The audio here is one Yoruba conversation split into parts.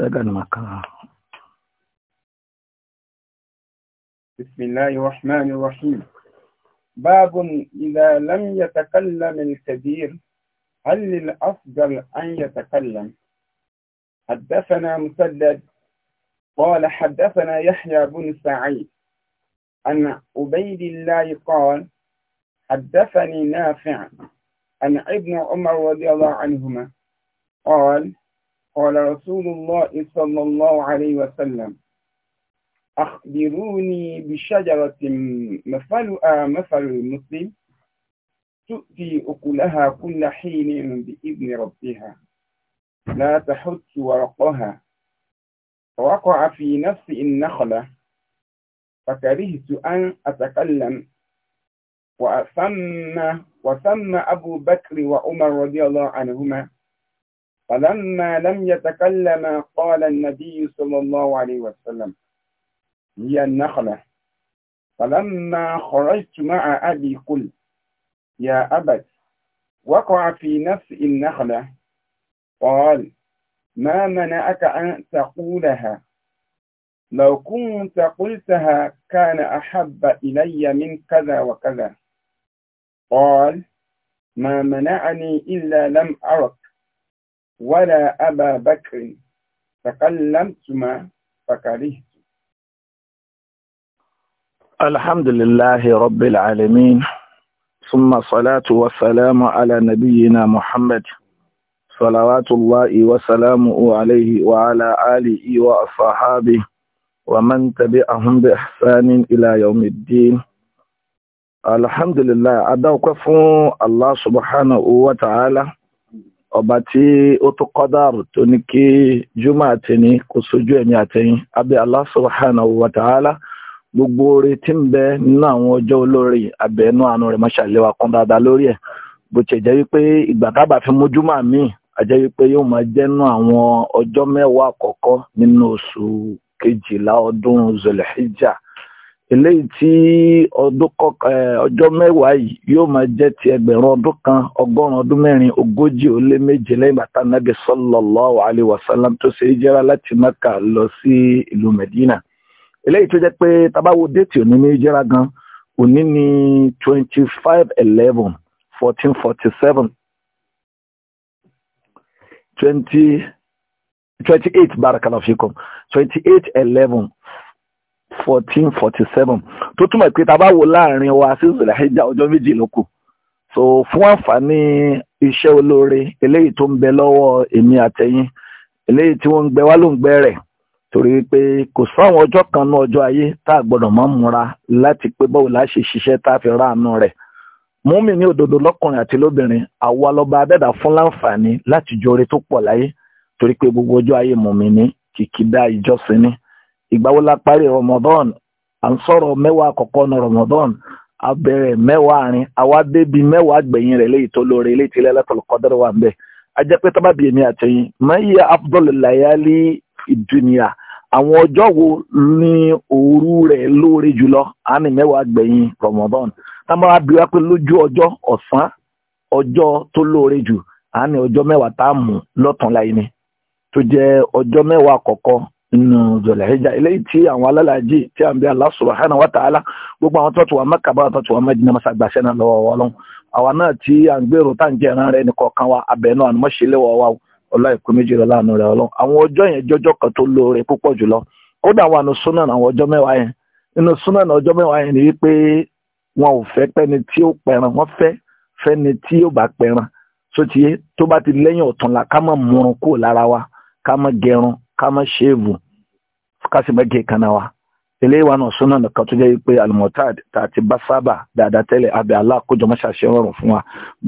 بسم الله الرحمن الرحيم باب إذا لم يتكلم الكبير هل للأفضل أن يتكلم حدثنا مسدد قال حدثنا يحيى بن سعيد عن عبيد الله قال حدثني نافع عن ابن عمر رضي الله عنهما قال قال رسول الله صلى الله عليه وسلم أخبروني بشجرة مثل آه، مثل المسلم تؤتي أكلها كل حين بإذن ربها لا تحت ورقها وقع في نفس النخلة فكرهت أن أتكلم وثم وثم أبو بكر وعمر رضي الله عنهما فلما لم يتكلم قال النبي صلى الله عليه وسلم هي النخلة فلما خرجت مع أبي قل يا أبت وقع في نفس النخلة قال ما منعك أن تقولها لو كنت قلتها كان أحب إلي من كذا وكذا قال ما منعني إلا لم أرك ولا أبا بكر تكلمتما فكرهت الحمد لله رب العالمين ثم صلاة والسلام على نبينا محمد صلوات الله وسلامه عليه وعلى آله وأصحابه ومن تبعهم بإحسان إلى يوم الدين الحمد لله أدوك فون الله سبحانه وتعالى ọba tí ó tó kọ́dàrù tó ní kí juma àtẹni kò sojú ẹ̀mí àtẹ̀yìn abẹ́ Allah subhanahu wa ta'ala gbogbo oore tí ń bẹ nínú àwọn ọjọ́ olóore abẹ́nú àánú rẹ̀ kan dáadáa lórí ẹ̀ bó ṣe jẹ́ wípé ìgbàkábà fi mú àjẹ́ wípé yóò eléyìí tí ọdún ọjọ́ mẹ́wàá yìí yóò máa jẹ́ ti ẹgbẹ̀rún ọdún kan ọgọ́rùn-ún ọdún mẹ́rin ogójì ó lé méje lẹ́yìn bàtà nàbì sallallahu alaihi wasallam tó ṣe é jẹ́ra láti Mẹ́kà lọ sí ìlú Mẹ́dínà eléyìí tó jẹ́ pé tabawo déètì òní ní jẹ́ra gan òní ní twenty five eleven fourteen forty seven twenty twenty eight barakallahu twenty eight eleven fourteen forty seven tó túmọ̀ pé tá a bá wo láàrin wa sí zulahijja ọjọ́ méjì ló so fún àǹfààní iṣẹ́ olóore eléyìí tó ń bẹ lọ́wọ́ èmi àtẹ̀yìn eléyìí tí wọ́n ń gbẹ wá ló ń gbẹ rẹ̀ torí pé kò sáwọn ọjọ́ kan ní ọjọ́ ayé tá a gbọ́dọ̀ mọ́ múra láti pé báwo la ṣe ṣiṣẹ́ tá a fi ráàánú rẹ̀ múmi ní òdodo lọ́kùnrin àti lóbìnrin àwa lọ́ba abẹ́dà fún láǹfààní láti jọ oore tó pọ̀ láyé torí pé gbogbo ọjọ́ ayé mùmí ní kìkìdá ìjọsìn ni ìgbàwo la parí Ramadan à ń sọ̀rọ̀ mẹ́wàá àkọ́kọ́ ní Ramadan abẹ̀rẹ̀ mẹ́wàá rin àwa débi mẹ́wàá gbẹ̀yìn rẹ̀ léyìí tó lóore léyìí tí lailatul qadr wà ń bẹ̀ ajẹ́ pé tọ́ba bíi èmi àtẹ̀yìn mayiya afdolul layali ìdúnìyà àwọn ọjọ́ wo ní òru rẹ̀ lóore jùlọ àánì mẹ́wàá gbẹ̀yìn Ramadan táwọn abíwá pé lójú ọjọ́ ọ̀sán ọjọ́ tó lóore jù àánì ọjọ́ mẹ́wàá tá a mú lọ́tàn láyé ni tó jẹ́ ọjọ́ mẹ́wàá àkọ́kọ́ nínú Dhul-Hijjah eléyìí tí àwọn alálàájì tí à ń bẹ Allah subhanahu wa ta'ala gbogbo àwọn tó ti wà Mẹ́kà bá tó ti wà Mẹ́dínà mọ́sá gbàṣẹ́ náà lọ́wọ́ Ọlọ́run àwa náà tí à ń gbèrò tá à ń jẹ́ ìran rẹ̀ nìkọ̀ọ̀kan wa abẹ́nú ànumọ́ṣẹ́lẹ̀ wọ̀ wa ọláìkú méjì rẹ̀ láàánú rẹ̀ Ọlọ́run àwọn ọjọ́ yẹn jọjọ́ kan tó lóore púpọ̀ jùlọ kódà wà ni wípé wọn ò fẹ́ pẹ́ni tí ó pẹran wọ́n fẹ́ fẹ́ni tí ó bá ká má ṣéèbù ká sì má gé kaná wa eléyìí wà náà súnà nìkan tó jẹ́ pé alimọ̀tad àti basaba dáadáa tẹ́lẹ̀ abẹ́ aláàkójọ mọ́ṣáṣe rọrùn fún wa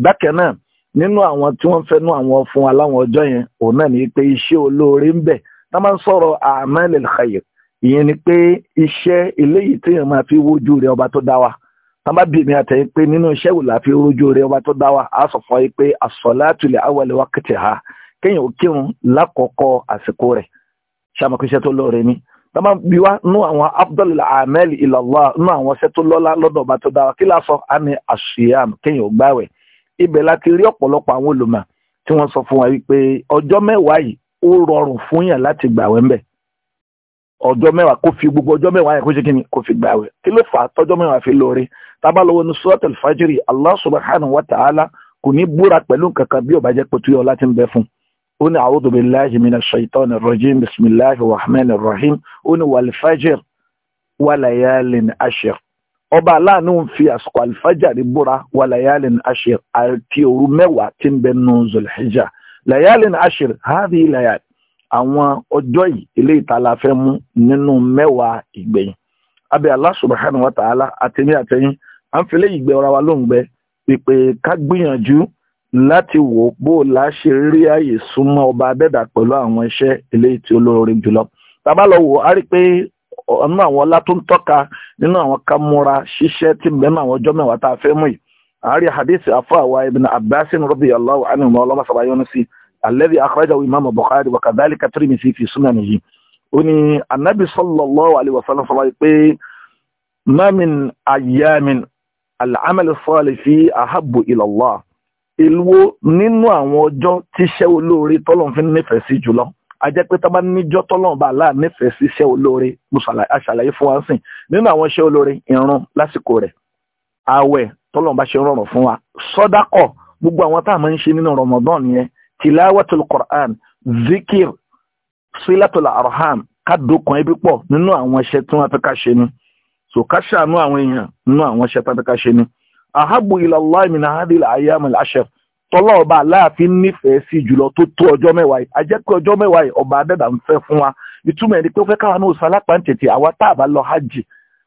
bákan náà nínú àwọn tí wọ́n fẹ́ nú àwọn fún wa láwọn ọjọ́ yẹn òun náà ní pé iṣẹ́ olóore ń bẹ tá máa ń sọ̀rọ̀ amalil khayr ìyẹn ni pé iṣẹ́ eléyìí téèyàn máa fi wojú rẹ ọba tó dá wa tá bá bèèmí àtẹ̀yìn pé nínú iṣẹ́ wò la fi wojú rẹ ọba tó dá wa á sọ fún as-salatu li awwali waqtiha kéèyàn ó kírun lákọ̀ọ́kọ́ àsìkò ṣàmùkúṣẹ́ tó lóore ni tọ́mọ bí wá nú àwọn abdul amel ilallah nú àwọn ṣẹ́ tó lọ́lá lọ́dọ̀ ọba tó dára kí lásọ àmì àṣìyàm kéèyàn gbàwẹ̀ ibẹ̀ láti rí ọ̀pọ̀lọpọ̀ àwọn olùmọ̀ tí wọ́n sọ fún wa wípé ọjọ́ mẹ́wàá yìí ó rọrùn fún yàn láti gbàwẹ̀ ńbẹ̀ ọjọ́ mẹ́wàá kó fi gbogbo ọjọ́ mẹ́wàá yẹn kó ṣe kí ni kó fi gbàwẹ̀ kí ló fà á tọ́jọ́ mẹ́wàá fi lóore tábà ó ní a'udhu billahi minash shaitanir rajim bismillahir rahmanir rahim ó ní wàlfàjẹr wàlàyàlìn àṣẹr ọba aláàánú ń fi àsìkò àlìfájàrí búra wàlàyàlìn àṣẹr àti òru mẹ́wàá tí ń bẹ nù zulhijja làyàlìn àṣẹr háàbí làyà àwọn ọjọ́ yìí ilé ìtàlá mú nínú mẹ́wàá ìgbẹ̀yìn abẹ́ Allah wa ta'ala àtẹ̀mí àtẹ̀yìn à ń fi léyìí ọ̀rọ̀ wa lóǹgbẹ pípé ká gbìyànjú láti wò bó la ṣe rí àyè súnmọ́ ọba abẹ́dà pẹ̀lú àwọn iṣẹ́ eléyìí tí ó lóore jùlọ tàbá lọ wò á rí i pé ọ̀nà àwọn ọlá tó ń tọ́ka nínú àwọn kámúra ṣiṣẹ́ tí bẹ́ẹ̀ náà àwọn ọjọ́ mẹ́wàá tá a fẹ́ mú yìí àárí hadith afáwa ibn abbas radiyallahu anhu ọlọ́mọ sábà yọ́nú sí alladhi akhrajahu imam bukhari wa kadhalika tirmidhi fi sunanihi ó ní anabi sallallahu alayhi wa sallam sọlá pé ma min ayyamin al-amal fi ahabbu ila èlúwo nínú àwọn ọjọ́ tíṣẹ́ olóore tọ́lọ́n fi nífẹ̀ẹ́ sí jùlọ a jẹ́ pé tábà níjọ́ tọ́lọ́n bá aláà nífẹ̀ẹ́ sí iṣẹ́ olóore mo ṣàlàyé fún wa sìn nínú àwọn iṣẹ́ olóore ìrun lásìkò rẹ̀ ààwẹ̀ tọ́lọ́n bá ṣe rọrùn fún wa sọ́dákọ̀ gbogbo àwọn tá a máa ń ṣe nínú Ramadan yẹn tilawatul Qur'an zikir silatul arham kádùkàn ẹbí pọ̀ nínú àwọn iṣẹ́ tí wọ́n fẹ́ ká ṣe ni so ká ṣàánú àwọn èèyàn nínú àwọn iṣẹ́ tí wọ́n fẹ́ ká ṣe ni ahabu ilallah min hadi ayyam al-ashr tọ́lá ọba aláàfin nífẹ̀ẹ́ sí jùlọ tó tó ọjọ́ mẹ́wàá yìí ajẹ́ ọjọ́ mẹ́wàá yìí ọba adẹ́dà ń fẹ́ fún wa ìtumọ̀ ẹni pé ó fẹ́ káwọn náà sọ àwa a bá lọ hajj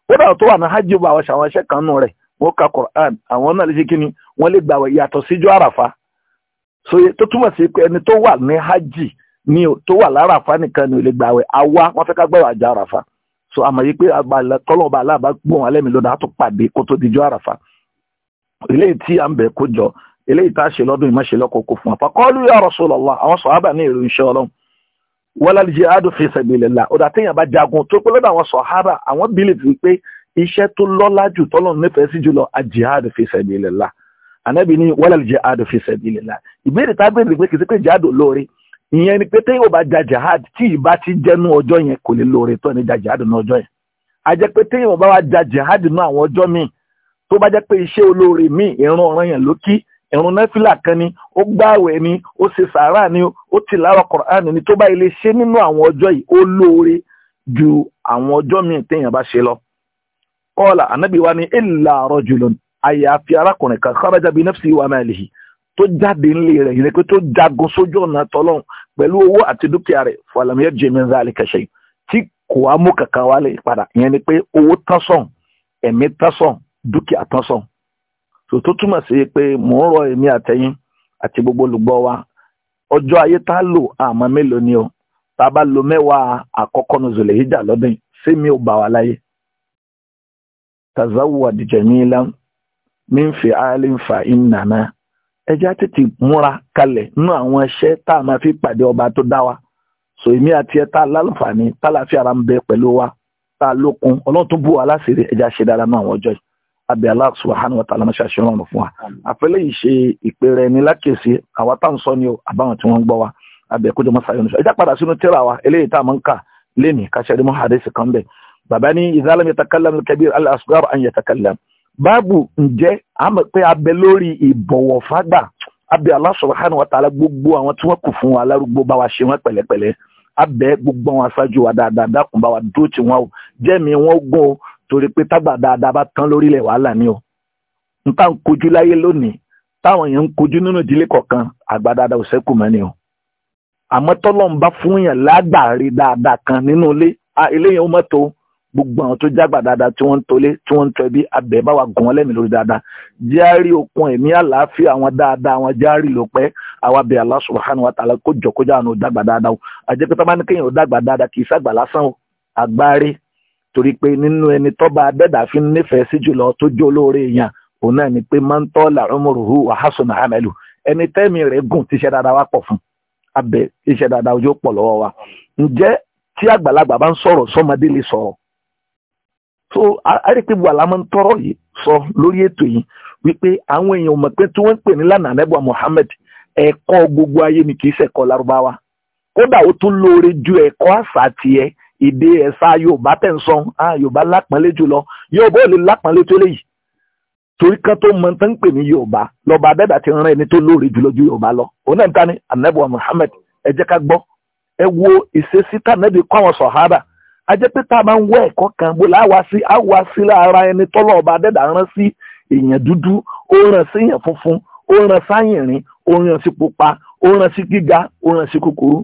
ó dàrú tó wà ní hajj bá àwọn ṣàwọn iṣẹ́ kan nù rẹ̀ wọ́n ka Qur'an àwọn náà lè ṣe kí ni wọ́n lè gbà yàtọ̀ síjọ́ àràfà tó túmọ̀ sí pé ẹni tó wà ní so àmọ̀ yìí pé ọba aláàbá alẹ́ eléyìí tí à ń bẹ̀ kó jọ eléyìí tá a ṣe lọ́dún ìmọ̀ ṣe lọ́kọ̀ kó fún wa faqalu ya Rasulullah àwọn sọ̀hábà ní èrò iṣẹ́ ọlọ́run wala al-jihadu fi sabilillah ọ̀dà téèyàn bá jagun tó pé lọ́dọ̀ àwọn sọ̀hábà àwọn bílíìtì pé iṣẹ́ tó lọ́lá jù tọ́lọ́run nífẹ̀ẹ́ sí jùlọ al-jihadu fi sabilillah ànábì ní wala al-jihadu fi sabilillah ìbéèrè tá a béèrè pé kì í sí pé tó bá jẹ́ pé iṣẹ́ olóore míì ìrun ọ̀ràn yẹn ló kí ìrun náfìlà kan ni ó gbààwẹ̀ ni ó ṣe sàárà ni ó ti láwọ̀ kọ̀ọ̀án ni tó bá ilé ṣe nínú àwọn ọjọ́ yìí ó lóore ju àwọn ọjọ́ míì téèyàn bá ṣe lọ. kọ́ọ̀là ànábì wa ni illa rajulun àyàfi arákùnrin kan kharaja bi nafsi wa malihi tó jáde ńlẹ̀ rẹ̀ yìí pé tó jagun sójú ọ̀nà tọ́lọ́hún pẹ̀lú owó àti dúkìá rẹ̀ falam yarji min zalika shay tí kò á mú kankan wálé padà ìyẹn ni pé owó tásán ẹ̀mí tásán dúkìá tán sàn so tó túmọ̀ sí pé mò ń rọ èmi àtẹ̀yìn àti gbogbo olùgbọ́ wa ọjọ́ ayé tá a lò àmọ́ mélòó ni o tá a bá lo mẹ́wàá àkọ́kọ́ nu zòlè híjà lọ́dún sí mi ò bá wa láyé tazawwad jamilan min fi alin fa innana ẹjá tètè múra kalẹ̀ nínú àwọn iṣẹ́ tá a máa fi pàdé ọba tó dá wa so èmi àti ẹ tá a lálùfààní tá a láfi ara ń bẹ pẹ̀lú wa tá a lókun ọlọ́run tó bù wá láṣìírí ẹjá ṣe dára àwọn ọjọ́ yìí abẹ Allah subhanahu wa ta'ala máa ṣàṣẹ ọrùn fún wa àfẹlẹ yìí ṣe ìpèrè ẹni lákèsí àwa tá ń sọ ni o àbáwọn tí wọn ń gbọ́ wa abẹ kójọ mọ sáyọ nìṣọ ẹ já padà sínú tírà wa eléyìí tá a máa ń kà léni káṣẹrí mọ hadith kan bẹ bàbá ní idha lam yatakallam al-kabir al-asghar báàbù ǹjẹ́ àmọ́ pé abẹ lórí ìbọ̀wọ̀ fágbà abẹ Allah subhanahu wa ta'ala gbogbo àwọn tí wọ́n kù fún wa alárúgbó bá wa ṣe wọ́n pẹ̀lẹ́pẹ̀lẹ́ abẹ gbogbo àwọn aṣáájú wa dáadáa dákun bá wa dúró tí wọ́n o jẹ́mi wọ́n gún torí pé tágbà dáadáa bá tán lórílẹ̀ wàhálà ni o n tá n kojú láyé lónìí táwọn èèyàn ń kojú nínú ìdílé kọ̀ọ̀kan àgbà dáadáa ò sẹ́kù mọ́ ni o àmọ́ tọ́lọ́ ń bá fún yàn lágbàárí dáadáa kan nínú ilé eléyìí ó mọ́tò gbogbo àwọn tó jágbà dáadáa tí wọ́n ń tolé tí wọ́n ń tọ́ ẹbí abẹ́ bá wa gùn wọ́n lẹ́mìí lórí dáadáa járí okun ẹ̀mí àlàáfíà àwọn dáadáa àwọn járí ló pẹ́ àwa bẹ̀ Allah subhanahu wa ta'ala kó jọ kó jáwọn ò dàgbà dáadáa o àjẹpẹ́tà bá ní kéèyàn ò dàgbà dáadáa kì í sàgbà lásán o àgbáre torí pé nínú ẹni tọ́ba adẹ́dà fi ń nífẹ̀ẹ́ sí jùlọ tó jó lóore èèyàn òun náà ni pé máa ń tọ́ làrúmọ̀rùhù wàhásùn ẹni tẹ́mi rẹ̀ gùn dáadáa wá fún abẹ iṣẹ́ ojú pọ̀ lọ́wọ́ tí àgbàlagbà bá ń sọ̀rọ̀ sọ́mọdé lè sọ̀rọ̀ so àríkébù àlámọ́ ń tọrọ yìí sọ lórí ètò yìí wípé àwọn èèyàn mọ̀ pé tí wọ́n ń pè ní lánàá ẹ̀kọ́ gbogbo ìdè ẹ̀sà yorùbá tẹ̀ ń sọ ah, yorùbá lápọ́nlé jùlọ yorùbá ò lè lápọ́nlé tó léyìí torí kan tó mọ tán ń pè ní yorùbá lọ́ba adẹ́dà ti rán ẹni tó lóore jùlọ ju yorùbá lọ òun náà ń ta ni anabiwa muhammed ẹ jẹ́ ká gbọ́ ẹ wo ìṣesí tànàbí kọ́ àwọn sọ̀hárà ajẹ́ pé tá a máa ń wọ ẹ̀kọ́ kan bó láwa sí àwa sí lára ẹni tọ́lọ́ ọba adẹ́dà rán sí èèyàn dúdú ó ràn sí èèyàn funfun ó ràn sáyìnrín ó ràn sí pupa ó ràn sí gíga ó ràn sí kúkúrú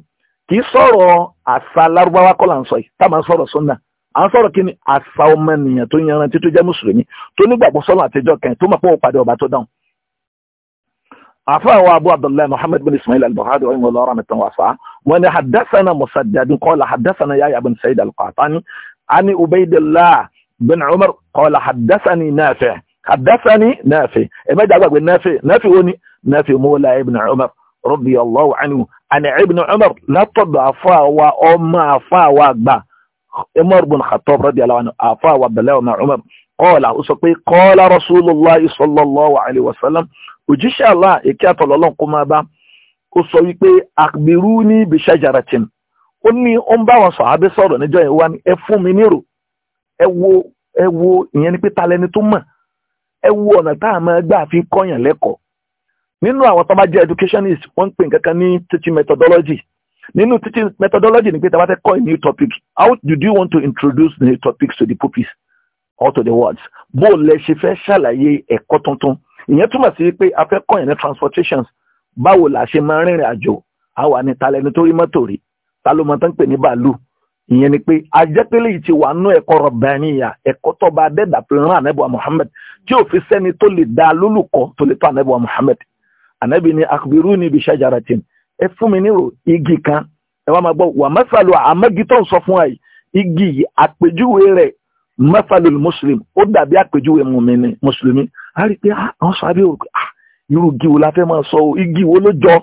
kì í sọ̀rọ̀ àṣà lárúbáwá kọ́ là ń sọ yìí tá à máa sọ̀rọ̀ sunna à ń sọ̀rọ̀ kí ni àṣà ọmọnìyàn tó yanrantí tó jẹ́ mùsùlùmí tó nígbàgbọ́ sọ́nà àtijọ́ kẹ́hìn tó mọ̀ pé òun pàdé ọba tó dáhùn. عفا أبو عبد الله محمد بن إسماعيل البهادي رحمه الله رحمة واسعة وأن حدثنا مسدد قال حدثنا يا بن سيد القعطاني عن عبيد الله بن عمر قال حدثني نافع حدثني نافع إما إيه دعوة نافع نافع وني نافع مولى ابن عمر radiyallahu anhu àni ibn umar látọ̀dọ̀ àfáàwà ọmọ àfáàwà àgbà umar bin khattab radiyallahu anhu àfáàwà abdullahi ọmọ umar qala ó sọ pé qala rasulullah sallallahu alayhi wa sallam òjíṣẹ́ allah èké àtọ̀lọ́lọ́n kó máa bá ó sọ wípé akhbiruni bi shajaratin ó ní ó ń bá wọn sàhábé sọ̀rọ̀ níjọ́ yẹn wá ní ẹ fún mi nírò ẹ wo ìyẹn ni pé talẹ́ni tó mọ̀ ẹ wo ọ̀nà tá máa gbà fi kọ́yàn lẹ́kọ̀ọ́ nínú àwọn tó bá jẹ́ educationist wọ́n ń pè nǹkan kan ní teaching methodology nínú teaching methodology ni pé tá a bá fẹ́ kọ́ a new topic how do you want to introduce new topics to the pupils or to the words, bó o lẹ ṣe fẹ́ ṣàlàyé ẹ̀kọ́ tuntun ìyẹn túmọ̀ sí pé a fẹ́ kọ́ yẹn ní transportations báwo la ṣe máa rìnrìn àjò àwa ni ta lẹni tó rí mọ́tò rí ta ló mọ tán pè ní bàálù ìyẹn ni pé ajẹ́pẹ́lẹ́ yìí ti wà nú ẹ̀kọ́ rọ̀bẹ̀rìnyà ẹ̀kọ́ tó bá dẹ́dà pé rán Muhammad tí ò fi sẹ́ni tó lè dá lólùkọ́ tó lè tó ànẹ́bùwà Muhammad ànábì ni akhbiruni bi shajaratin ẹ fún mi nírò igi kan ẹ wá máa gbọ́ wà mẹ́fàlù àmọ́gi tó ń sọ fún wa igi yìí àpèjúwe rẹ̀ mẹ́fàlù muslim ó dàbí àpèjúwe mùmíní mùsùlùmí a rí i pé ah, àwọn sọ abẹ́ òkè irú igi wo la fẹ́ máa sọ o igi wo ló jọ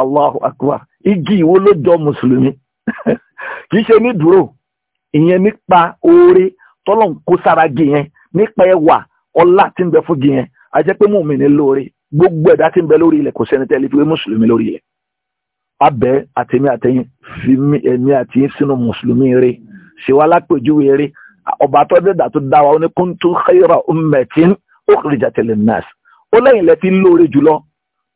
allahu akbar igi wo ló jọ mùsùlùmí kì í ṣe ní dúró ìyẹn nípa oore tọ́lọ̀ ń kó sára gi yẹn nípa ẹwà ọlá tí ń bẹ fún gi yẹn a jẹ́ pé mùmíní lóore gbogbo ẹ̀dá tí ń bẹ lórí ilẹ̀ kò sẹ́ni tẹ́lẹ̀ fi wé mùsùlùmí lórí ilẹ̀ abẹ́ àtẹ̀mí àtẹ̀yìn fi ẹ̀mí àti sínú mùsùlùmí rí ṣèwá lápèjúwe rí ọba tó dẹ̀dà tó dá wa ó ní kuntum khayra ummatin ukhrijat linnas ó lẹ́yìn lẹ́ fi lóore jùlọ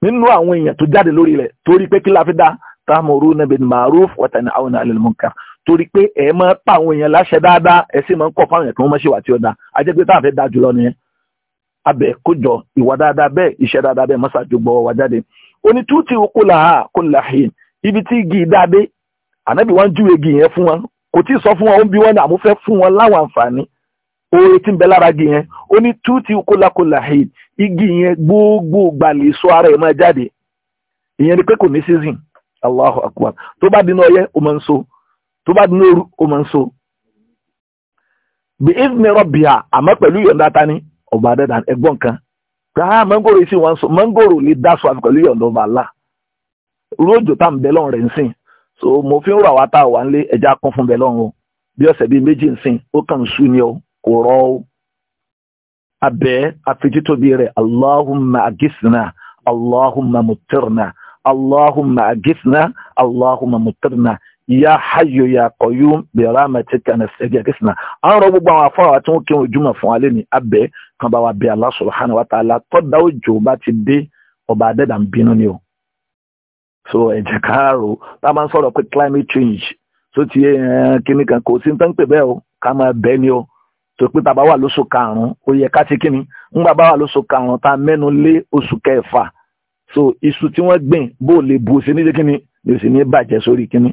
nínú àwọn èèyàn tó jáde lórí ilẹ̀ torí pé kí la fi dá ta'muruna bil ma'ruf wa tan'awna 'anil munkar torí pé ẹ máa pa àwọn èèyàn láṣẹ dáadáa ẹ sì máa ń kọ̀ fáwọn èèyàn kí wọ́n máa ṣe wà tí ó dáa ajẹ́gbẹ́ táwọn fẹ́ dáa jùlọ nìyẹn abẹ kójọ ìwà dáadáa bẹ́ẹ̀ iṣẹ́ dáadáa bẹ́ẹ̀ mọ́sáájú gbọ́ wá jáde onítútì kò là á ibi tí igi dáadé ànábì wọn júwe igi yẹn fún wọn kò tí ì sọ fún wọn ó ń bi wọn ní àmúfẹ́ fún wọn láwọn àǹfààní oore ń bẹ lára igi yẹn onítútì igi yẹn gbogbo gbàlè sọ ara ẹ̀ máa jáde ìyẹn ni pé kò ní season Allahu akbar tó ọba adẹ́dà ẹgbọ́n kan káà mangoro yìí sì wọ́n sọ mangoro lè dá sọ àfikọ́ lóyè ọ̀dọ́ bàálà rójò tá à bẹ sìn so mo fi ń rọ àwa tá a wà ń lé ẹja kún fún bẹ o bí ọ̀sẹ̀ bíi méjì ń sìn ó kàn ń sú ni o kò rọ o abẹ́ afijitóbi rẹ̀ allahumma ya hayyo ya qayyum bi rahmatika nastaghfirna an ro gbogbo àwọn afawa tí wọ́n kírun juma fún ale ni abẹ kan ba wa bẹ̀ Allah subhanahu wa ta'ala tó dá òjò bá ti dé ọba adẹ́dà ń bínú ni o so ẹ jẹ́ ká rò tá máa ń sọ̀rọ̀ climate change tó ti kíní kan kò sí ní tán pè bẹ́ẹ̀ o ká máa bẹ́ẹ̀ ni o tó pé bàbá wà lóṣù karùn-ún ó yẹ ká ti kíni ń bàbá wà lóṣù karùn-ún tá mẹ́nu lé oṣù kẹfà so iṣu tí wọ́n gbìn bó lè bu sí ní kíni yóò sì ní bàjẹ́ sórí kíni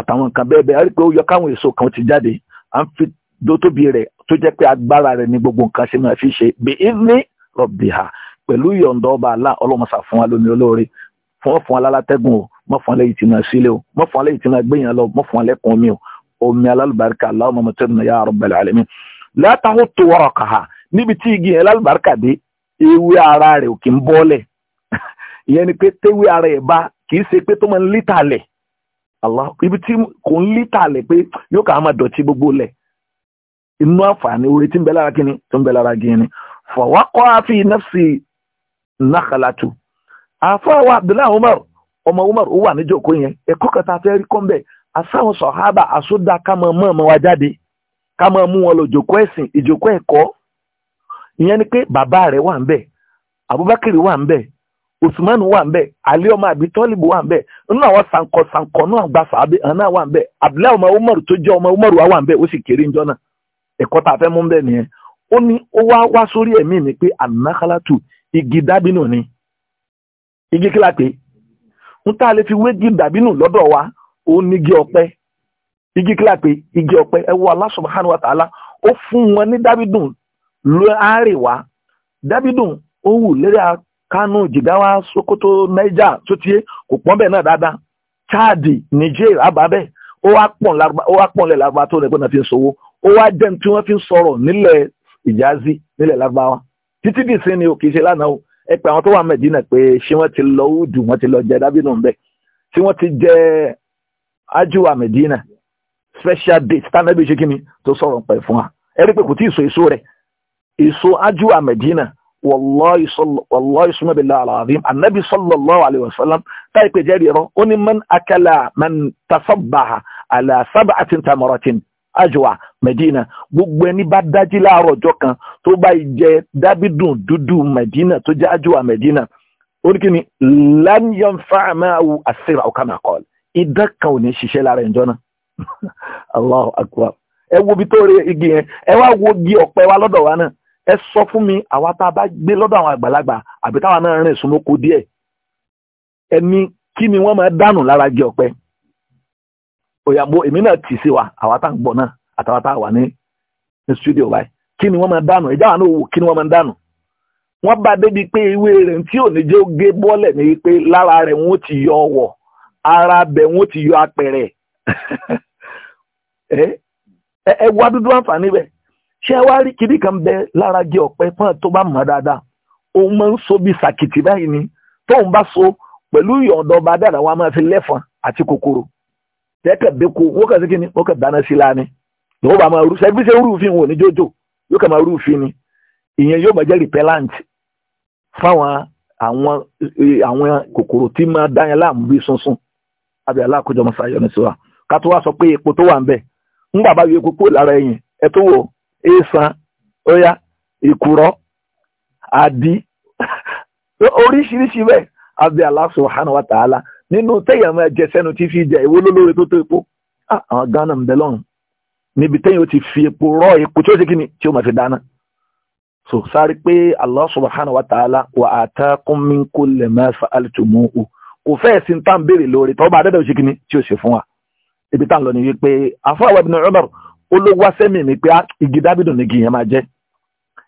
àtàwọn nǹkan bẹ́ẹ̀ bẹ́ẹ̀ rí pé ó yọ káwọn èso kan ti jáde à ń fi dótóbi rẹ̀ tó jẹ́ pé agbára rẹ̀ ní gbogbo nǹkan ṣe máa fi ṣe bí ilé rọ̀bìhà pẹ̀lú ìyọ̀ǹda ọba àlá ọlọ́mọṣà fún wa lónìí olóore fún ọ̀fun alálátẹ́gùn o mọ̀ fún alẹ́ yìí ti máa sílé o mọ̀ fún alẹ́ yìí ti máa gbé yẹn lọ mọ̀ fún alẹ́ o omi alálùbáríkà Allahumma matirna ya rabbal alamin látàwọn tó wọ̀rọ̀ kà á níbi tí igi yẹn alálùbáríkà dé ewé ara rẹ̀ ò kì í bọ́lẹ̀ ìyẹn ni pé téwé ara ẹ̀ bá kì í ṣe pé tó Allah ibi tí kò ń lítà lẹ̀ pé yóò kà máa dọ̀tí gbogbo lẹ̀ inú àǹfààní orí tí ń bẹ lára kíni tó ń bẹ lára gíni fọwọ́kọ́ àfi nafsi nàkàlàtù àfọwọ́ Abdullahi Umar ọmọ Umar ó wà yẹn ẹ̀kọ́ kẹta fẹ́ ọmọ wa jáde ká máa mú wọn lọ jòkó ẹ̀sìn ìjòkó ẹ̀kọ́ ìyẹn ni pé bàbá rẹ̀ wà ń bẹ̀ Abubakar wà ń usman wà nbẹ ali ọmọ abi tọlibu wà nbẹ nínú àwọn sankọ sankọ náà gba sàbẹ àná wà nbẹ abdullahi ọmọ umaru tó jẹ ọmọ umaru wà nbẹ ó sì kéré njọ náà ẹ̀kọ́ tá a fẹ́ mú bẹ nìyẹn ó ní ó wá wá sórí ẹ̀mí mi pé anakalatu igi dábínù ni igi kí la pè ń lè fi wégi dàbínù lọdọ wa ó ní igi ọ̀pẹ igi kí la pè igi ọ̀pẹ ẹ wọ Allah subhanahu wa ta'ala ó fún wọn ní dábìdùn lọ àárẹ̀ wá dábìdùn ó wù lórí kánú jìgáwá sokoto niger tó tiẹ̀ kò pọ́n bẹ́ẹ̀ náà dáadáa chad niger ababẹ́ ó wá pọ̀n lẹ̀ lágbá tó rẹ̀gbọ́n náà fi ń sowó ó wá jẹun tí wọ́n fi ń sọ̀rọ̀ nílẹ̀ ìjází nílẹ̀ lágbáwá títí dì sí ni kì í ṣe lánàá o ẹ pé àwọn tó wà mẹ́dínà pé ṣé wọ́n ti lọ údù wọ́n ti lọ jẹ dábìnú ńbẹ tí wọ́n ti jẹ ájúwà mẹ́dínà special date tánàbí ṣe kí ni tó sọ̀rọ̀ pẹ̀ fún wa ẹ rí pé kò tí ì so èso rẹ̀ èso ájúwà mẹ́dínà wàláyé sọmọ bẹ̀lá àlàáfíà anabi sallallahu alayhi wa sallam táyì pé jẹ́rìí ẹ̀rọ ó ní man akala man tasabbaha ala sab'atin tamaratin ajwa medina gbogbo ẹni bá dájí láàárọ̀ ọjọ́ kan tó bá jẹ dábìdùn dúdú medina tó jẹ́ ajwa medina ó ní kí ni lam yanfa' ma'ahu as-sir'u kama qala idán kan ò ní ṣiṣẹ́ lára ẹ̀jọ́ náà Allahu akbar ẹ wo bí tó rí igi yẹn ẹ wá wo igi ọ̀pẹ wa lọ́dọ̀ wa náà ẹ sọ fún mi àwa tá a bá gbé lọ́dọ̀ àwọn àgbàlagbà àbí táwa náà rìn súnmọ́ kó díẹ̀ ẹni kí ni wọ́n máa dànù lára jẹ ọ̀pẹ òyàbò èmi náà tì sí wa àwa tá à ń gbọ́ náà àtàwa tá a wà ní ní studio báyìí kí ni wọ́n máa dànù ìjà wà náà wò kí ni wọ́n máa dànù wọ́n bá débi pé ewé rẹ̀ tí ò ní jẹ́ ó gé bọ́ọ̀lẹ̀ ni pé lára rẹ̀ wọ́n ti yọ ọwọ́ ara bẹ̀ wọ́n ti yọ apẹ̀rẹ̀ ẹ ẹ wá dúdú àǹfààní bẹ́ẹ̀ ṣé wá rí kiri kan bẹ lára gé ọ̀pẹ fún tó bá mọ̀ dáadáa òun máa ń so bí sàkìtì báyìí ni tóun bá so pẹ̀lú ìyọ̀ǹda ọba dára wa máa fi lẹ́fọn àti kòkòrò tẹ́kẹ̀ bẹ́kọ̀ wọ́n kàn sí kí ni wọ́n kàn dáná sí lánàá lọ́wọ́ bá máa rú ṣe bí ṣe rúfin wò ní jòjò yóò kàn máa rúfin ni ìyẹn yóò máa jẹ́ repellent fáwọn àwọn àwọn kòkòrò tí máa dáyẹn láàmú bí sunsun àbí aláàkójọ mọ́sáyọ́ ní sí wa wá sọ pé epo tó wà ń bẹ̀ ń bàbá yọ epo kúrò lára ẹ̀yìn ẹ̀ tó wọ̀ èèsàn ọ̀yà ìkùrọ̀ àdí oríṣiríṣi bẹ́ẹ̀ abẹ́ Allah subhanahu wa ta'ala nínú téèyàn máa jẹ sẹ́nu tí fi jẹ ìwó lólórí tó tó epo ah, àwọn ghana ń bẹ lọ́rùn níbi téèyàn ti fi epo rọ́ epo tí ó ṣe kíni tí ó máa fi dáná so sáré pé Allah subhanahu wa ta'ala wa atakum min kulli ma sa'altumuhu kò fẹ́ sí tá ń béèrè lórí tọ́ba adẹ́dẹ́ òṣèkíní tí ó ṣe fún wa ibi tá ń lọ ní wípé afọ àwọn ibn Umar ó ló mi pé ah, igi dábìdùn ni igi yẹn máa jẹ́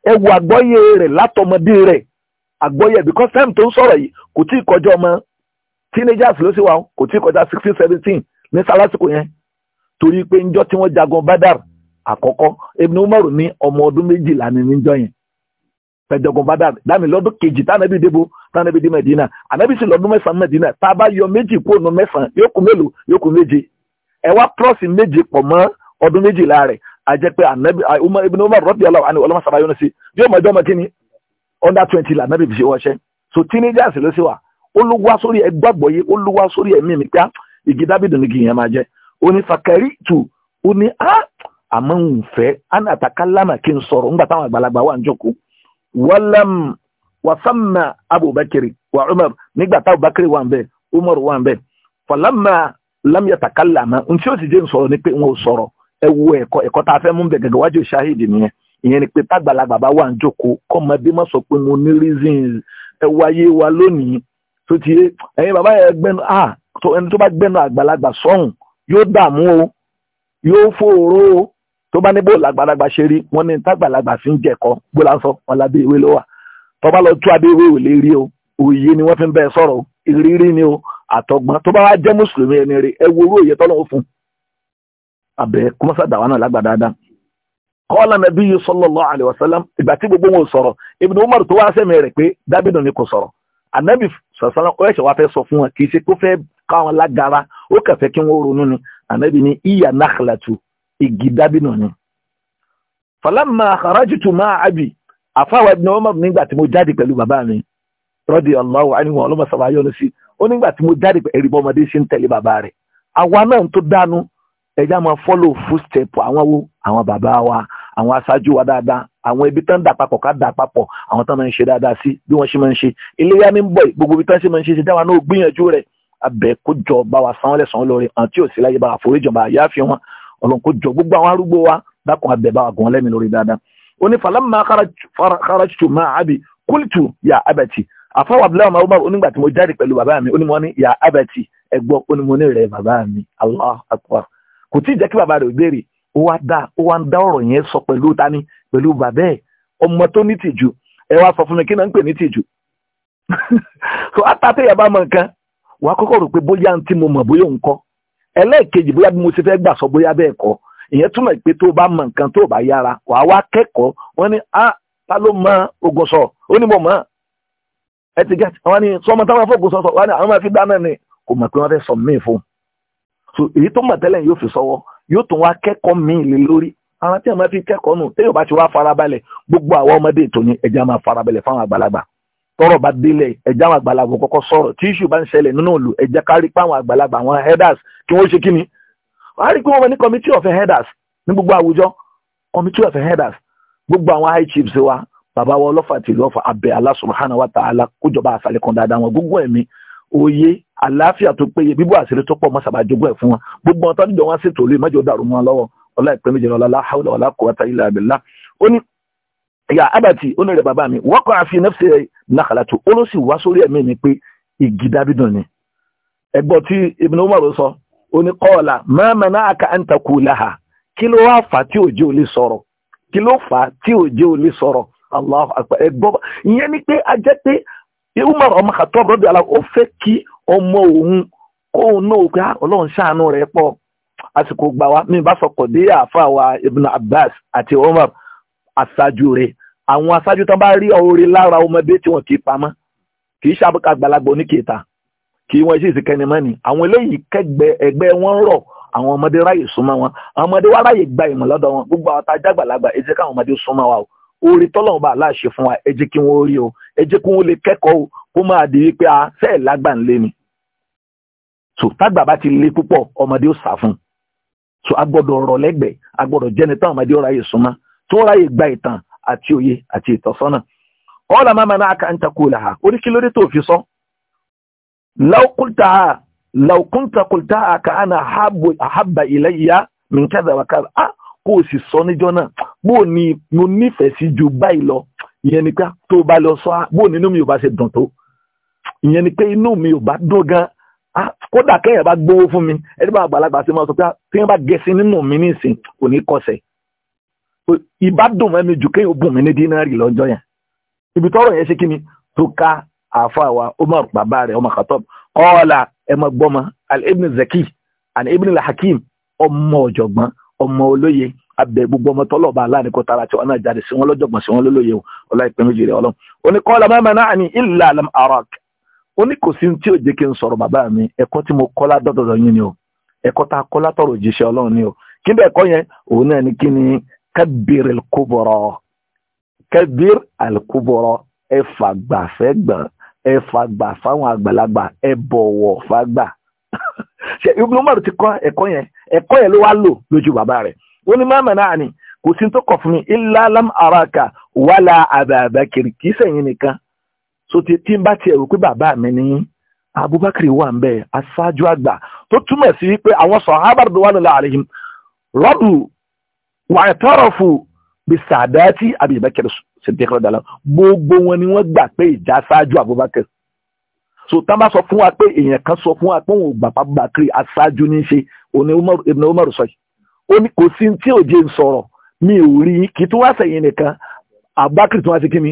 ẹ wo àgbọ́yé rẹ̀ látọmọdé rẹ̀ àgbọ́yé because time tó ń sọ̀rọ̀ yìí kò tí ì kọjá ọmọ teenagers ló sì wà kò tí ì kọjá sixteen seventeen ní sálásìkò yẹn torí pé ńjọ́ tí wọ́n jagun badar àkọ́kọ́ Ibn Umar ní ọmọ ọdún méjìlá ní níjọ́ yẹn pẹ̀jọ̀gùn badar dáàmì lọ́dún kejì tánàbí dìbò tánàbí dì Mẹ̀dínà ànábì sì lọ́dún mẹ́sàn-án Mẹ̀dínà tá a bá yọ méjì kúrò nù mẹ́sàn-án yóò kù mélòó yóò kù méje ẹ wá plus méje pọ̀ mọ́ ọdún méjìlá rẹ̀ àjẹ́ pé anabi umar ibn umar radiyallahu anhu ọlọ́mọ sábà yọnu sí bí ọmọ ẹjọ́ ọmọ kí under twenty la anabi fi ṣe wọ́ṣẹ́ so teenagers ló sì wà ó ló wá sórí ẹ gbàgbọ́ yìí ó ló wá sórí ẹ̀mí mi pé ah, igi dábìdì ni gìyàn máa jẹ ó ní fakari tù ó ní á ah, àmọ́ ń fẹ́ án àtàkà lánàá kí n sọ̀rọ̀ ńgbà táwọn àgbàlagbà wà ń jókòó wọ́lẹ́m wàsámà abubakar wà umar nígbà táwọn bakari wà ń bẹ̀ umar wà ń bẹ̀ falamma lam yatakalama n ó sì jẹ́ ń sọ̀rọ̀ ni pé wọn ò sọ̀rọ̀ ẹ wo ẹ̀kọ́ ẹ̀kọ́ tá a fẹ́ mú bẹ̀ gẹ́gẹ́ wájú ṣáhìdì nìyẹn ìyẹn ni pé tágbàlagbà bá wà ń jókòó kọ́mọ bí mọ̀ sọ pé mo ní reasons ẹ wáyé wa lónìí tó ti ẹ̀yin bàbá yẹn gbẹ́nu à ẹni tó bá gbẹ́nu àgbàlagbà sọ́hùn yóò dààmú o yóò fòòró o tó bá ní bó làgbàlagbà ṣe rí wọn ní tágbàlagbà sí ń jẹ̀kọ́ bó la ń sọ wọn lábẹ́ ìwé ló wà tó bá lọ tú abẹ́ ìwé ò lè o òye ni wọ́n fi ń bẹ́ẹ̀ sọ̀rọ̀ ìrírí ni o àtọ̀gbọ́n tó bá wá jẹ́ mùsùlùmí ẹni rí ẹ wo orú òye tọ́lọ́wọ́ fún un abẹ́ kọmọ́sá dàwọn náà lágbà dáadáa kọ́lá nàbí yìí sallallahu alaihi wasallam ìgbà tí gbogbo wọn sọ̀rọ̀ Ibn Umar tó wá sẹ́mi rẹ̀ pé dábìdù ni kò sọ̀rọ̀ ànábì sọ̀sọ́lá ó ẹ̀ṣẹ̀ wá fẹ́ sọ fún wọn kì í ṣe kó fẹ́ ká wọn lágara ó kàn fẹ́ kí wọ́n ronú ni ànábì ni ìyà nakhlatu igi dábìdù ni. falamma kharajtu ma'a abi àfáwà Ibn Umar nígbà tí mo jáde pẹ̀lú bàbá mi radiyallahu anhu ọlọ́mọ ẹja máa fọ́lò footstep àwọn wo àwọn bàbá wa àwọn aṣáájú wa dáadáa àwọn ibi tán dà papọ̀ ká dà papọ̀ àwọn tán máa ń ṣe dáadáa sí bí wọ́n ṣe máa ń ṣe iléyà ní bọ̀ gbogbo ibi tán ṣe máa ń ṣe ṣe dáwọn náà gbìyànjú rẹ̀ abẹ́ kó jọ bá wa sanwó lẹ́sàn-án lórí àti òsì láyé bá wa foríjì bá yá fi wọn ọlọ́run kó jọ gbogbo àwọn arúgbó wa dákun abẹ́ bá wa gùn lẹ́mi lórí dáadáa ó ní falamma kharajtu máa àbí qultu ya abati àfọwọ́ abúlé ọmọ ọmọ onígbà tí mo jáde pẹ̀lú bàbá mi ó ní mo ní ya abati ẹ̀gbọ́n ó ní mo ní rẹ̀ bàbá mi Allah akbar kò tí ì jẹ́ kí bàbá rẹ̀ béèrè ó wá dá ó wá ń dá ọ̀rọ̀ yẹn sọ pẹ̀lú tani pẹ̀lú bàbá ẹ̀ ọmọ tó ní tìjú ẹ wá sọ fún mi kí náà ń pè ní tìjú so àtàtẹ́ yà bá mọ nǹkan wà á kọ́kọ́ rò pé bóyá ń tí mo mọ̀ bóyá òun kọ́ ẹlẹ́ẹ̀kejì bóyá bí mo ti fẹ́ gbà sọ bóyá bẹ́ẹ̀ kọ́ ìyẹn túmọ̀ pé tó bá mọ nǹkan tó bá yára wà á wá kẹ́kọ̀ọ́ wọ́n ní ah ta ló mọ ogun sọ ó ní mo mọ̀ ẹ ti gẹ́ wọ́n ní sọmọ táwọn afọ́gun sọ sọ wọ́n ní àwọn máa fi dáná ni kò mọ̀ pé wọ́n fẹ́ sọ míì fún un so èyí tó mọ̀ tẹ́lẹ̀ yóò fi sọ́wọ́ yóò tún wá kẹ́kọ̀ọ́ míì lé lórí àwọn tí a máa fi kẹ́kọ̀ọ́ nù téèyàn bá ti wá farabalẹ̀ gbogbo àwọn ọmọdé ètò ni ẹja máa farabalẹ̀ fáwọn àgbàlagbà tọ́rọ̀ bá délẹ̀ ẹja àwọn àgbàlagbà kọ́kọ́ sọ̀rọ̀ tí iṣu bá ń ṣẹlẹ̀ nínú òlu ẹja kárí páwọn àgbàlagbà àwọn headers kí wọ́n ṣe kí ni wàá rí pé wọ́n ní committee of headers ní gbogbo àwùjọ committee of headers gbogbo àwọn high chiefs wa bàbá wa ọlọ́fà tìlú ọ̀fà abẹ́ Allah subhanahu wa ta'ala kójọba àṣàlẹ̀kùn dáadáa wọn gbogbo ẹ̀mí Oye, àlàáfíà tó péye bíbú àṣírí tó pọ̀ mọ́sàbà jogún ẹ̀ fún wọn gbogbo ọ̀tọ́ níjọ wọn ṣètò olè mọ́jọ dàrú wọn lọ́wọ́ ọlá ìpín méjì lọ́la la hawla wala quwwata illa billah ó ní ìyá abàtì ó ní rẹ̀ bàbá mi wọ́n kọ́ àfi nafsi nakhalatu ó ló sì wá sórí ẹ̀mí mi pé igi dábìdàn ni ẹgbọ́n tí Ibn Umar sọ ó ní qala ma mana'aka an taqulaha kí ló wá fà tí òjò Umar ọmọ Khattab rọ́bì aláwọ̀ ó fẹ́ kí ọmọ òun kóun náà gbá ah, ọlọ́run ṣàánú rẹ̀ pọ̀ àsìkò gbà wá mi bá sọkọ̀ dé àáfàá wa Ibn Abbas àti Umar aṣáájú rẹ̀ àwọn aṣáájú tán bá rí oore lára ọmọdé tí wọ́n kì í pamọ́ kì í ṣàbùkà àgbàlagbà oníkèéta kì í wọ́n sì kẹ́ni mọ́ni àwọn eléyìí kẹgbẹ́ ẹgbẹ́ wọn rọ̀ àwọn ọmọdé ráyè súnmọ́ wọn ọmọdé wá ráyè gba ìmọ̀ lọ́dọ̀ wọn gbogbo àwọn tá a jágbàlagbà ẹ jẹ́ káwọn ọmọdé súnmọ́ wa o oore tọ́lọ́run bá aláṣẹ fún wa ẹ jẹ́ kí wọ́n rí o ẹ jẹ́ kó wọn lè kẹ́kọ̀ọ́ kó máa di wípé a sẹ́ẹ̀ lágbà ń lé ni so tágbà bá ti le púpọ̀ ọmọdé ó fún so a gbọ́dọ̀ ọ̀rọ̀ lẹ́gbẹ̀ẹ́ a gbọ́dọ̀ jẹ́ni ọmọdé ọ̀ráyè súnmọ́ tó ráyè gba ìtàn àti òye àti ìtọ́sọ́nà ọ̀là máma náà ká ń takò làhà orí lórí tó fi sọ láwùkúntà láwùkúntàkùntà àkàánà sì sọ níjọ́ náà bó o ní mo ìyẹn ni pé tó bá lọ sọ bó nínú mi ò bá ṣe dùn tó ìyẹn ni pé inú mi ò bá dùn gan kódà kẹ́yìn bá gbówó fún mi ẹni bá àgbàlagbà sí máa sọ pé ah, tí wọ́n bá gẹ̀ẹ́sì nínú mi nísìn kò ní kọsẹ̀ ìbádùn mẹ́mi jù kéèyàn bùn mí ní dínárì lọ́jọ́ yẹn ibi tọ́rọ̀ yẹn ṣe kí ni tó ká àáfàá wa Umar bàbá rẹ̀ ọmọ Khattab kọ́ọ̀là ẹ̀mọ gbọ́mọ al-Ibn Zaki al-Ibn al-Hakim ọmọ ọ̀jọ̀gbọ́n ọmọ olóye abẹ gbogbo ọmọ tọ́lọ̀ bá aláàánú kó tara tiwọn náà jáde sí wọn lọ́jọ̀gbọ̀n sí wọn lólóye o ọlá ìpín méjì rẹ̀ ọlọ́run ó ní kọ́lá mama náà ní ilà alam arak ó ní kò sí tí ò jẹ́ kí n sọ̀rọ̀ bàbá mi ẹ̀kọ́ tí mo kọ́ ládọ́dọ̀dọ̀ yín ni o ẹ̀kọ́ tá a kọ́ látọ̀rọ̀ òjíṣẹ́ ọlọ́run ni o kí bẹ́ẹ̀ kọ́ yẹn òun náà ní kí ni kabir alkubọrọ kabir alkubọrọ ẹ fàgbà fẹ́ ẹ fàgbà fáwọn àgbàlagbà ẹ bọ̀wọ̀ fàgbà ṣe Ibn ó ní máa mẹ́rin àní kò sí tó kọ̀ fún mi ilá lam araka wàlà àbàbàkiri kì í sẹ̀yìn nìkan so ti tí n bá tiẹ̀ rò pé bàbá mi ní abubakar wà ń bẹ aṣáájú àgbà tó túmọ̀ sí wípé àwọn sàhábà radiyallahu alaihim rọ́dù wa'tarafu bí sàdáàtì àbíbákẹ́rì sèdèkọ́ dàlá gbogbo wọn ni wọ́n gbà pé ìjà aṣáájú abubakar so tá bá sọ fún wa pé èèyàn kan sọ fún wa pé òun ò gbà pàbùbàkiri aṣáájú ní í ṣe ibn umar sọ ó ní kò sí tí òjé ń sọ̀rọ̀ mi ò rí kí tó wá sẹ́yìn nìkan àbákìrì tó wá sí kíni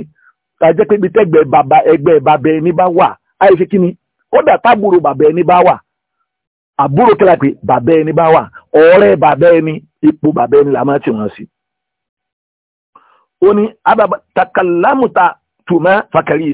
ajẹ́ pé ibi tẹ́gbẹ́ bàbá ẹgbẹ́ bàbá ẹni bá wà àìsí kíni kódà tábúrò bàbá ẹni bá wà àbúrò kíra pé bàbá ẹni bá wà ọ̀rẹ́ bàbá ẹni ipò bàbá ẹni làmá tì wọ́n sí. ó ní ababa takalamuta tuma fakari